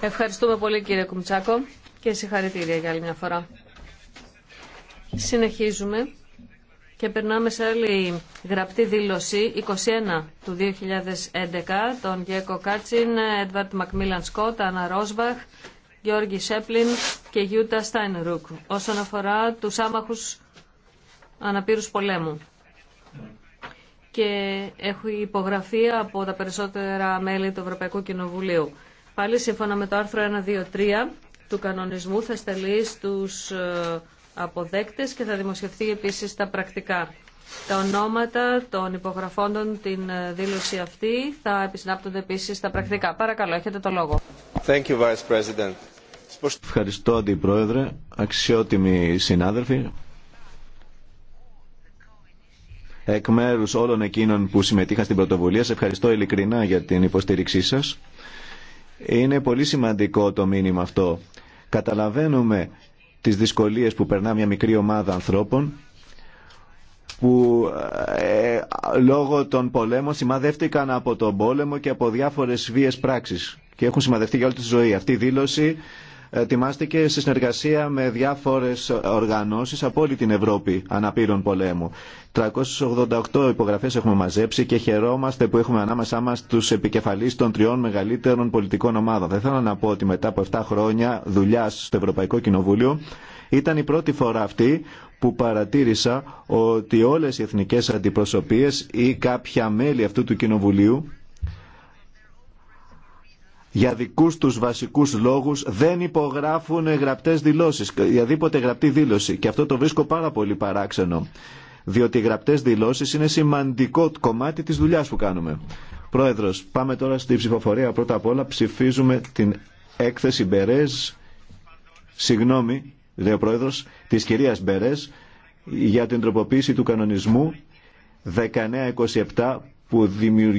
Ευχαριστούμε πολύ κύριε Κουμτσάκο και συγχαρητήρια για άλλη μια φορά. Συνεχίζουμε και περνάμε σε άλλη γραπτή δήλωση 21 του 2011 των Γιέκο Κάτσιν, Έντβαρτ Μακμίλαν Σκότ, Αννα Ρόσβαχ, Γιώργη Σέπλιν και Γιούτα Στάινρουκ όσον αφορά τους άμαχους αναπήρους πολέμου και έχω υπογραφεί από τα περισσότερα μέλη του Ευρωπαϊκού Κοινοβουλίου. Πάλι σύμφωνα με το άρθρο 123 του κανονισμού θα στελεί στους ε, αποδέκτες και θα δημοσιευθεί επίσης τα πρακτικά. Τα ονόματα των υπογραφώντων την ε, δήλωση αυτή θα επισυνάπτονται επίσης στα πρακτικά. Παρακαλώ, έχετε το λόγο. Thank you, Vice President. Ευχαριστώ, Αντιπρόεδρε, αξιότιμοι συνάδελφοι εκ μέρου όλων εκείνων που συμμετείχαν στην πρωτοβουλία. Σε ευχαριστώ ειλικρινά για την υποστήριξή σας. Είναι πολύ σημαντικό το μήνυμα αυτό. Καταλαβαίνουμε τις δυσκολίες που περνά μια μικρή ομάδα ανθρώπων που ε, λόγω των πολέμων σημαδεύτηκαν από τον πόλεμο και από διάφορες βίες πράξεις και έχουν σημαδευτεί για όλη τη ζωή. Αυτή η δήλωση ετοιμάστηκε σε συνεργασία με διάφορες οργανώσεις από όλη την Ευρώπη αναπήρων πολέμου. 388 υπογραφές έχουμε μαζέψει και χαιρόμαστε που έχουμε ανάμεσά μας τους επικεφαλείς των τριών μεγαλύτερων πολιτικών ομάδων. Δεν θέλω να πω ότι μετά από 7 χρόνια δουλειά στο Ευρωπαϊκό Κοινοβούλιο ήταν η πρώτη φορά αυτή που παρατήρησα ότι όλες οι εθνικές αντιπροσωπείες ή κάποια μέλη αυτού του Κοινοβουλίου για δικούς τους βασικούς λόγους δεν υπογράφουν γραπτές δηλώσεις, οποιαδήποτε γραπτή δήλωση. Και αυτό το βρίσκω πάρα πολύ παράξενο, διότι οι γραπτές δηλώσεις είναι σημαντικό κομμάτι της δουλειάς που κάνουμε. Πρόεδρος, πάμε τώρα στη ψηφοφορία. Πρώτα απ' όλα ψηφίζουμε την έκθεση Μπερές, συγγνώμη, λέει ο Πρόεδρος, της κυρίας Μπερές, για την τροποποίηση του κανονισμού 1927 που δημιουργεί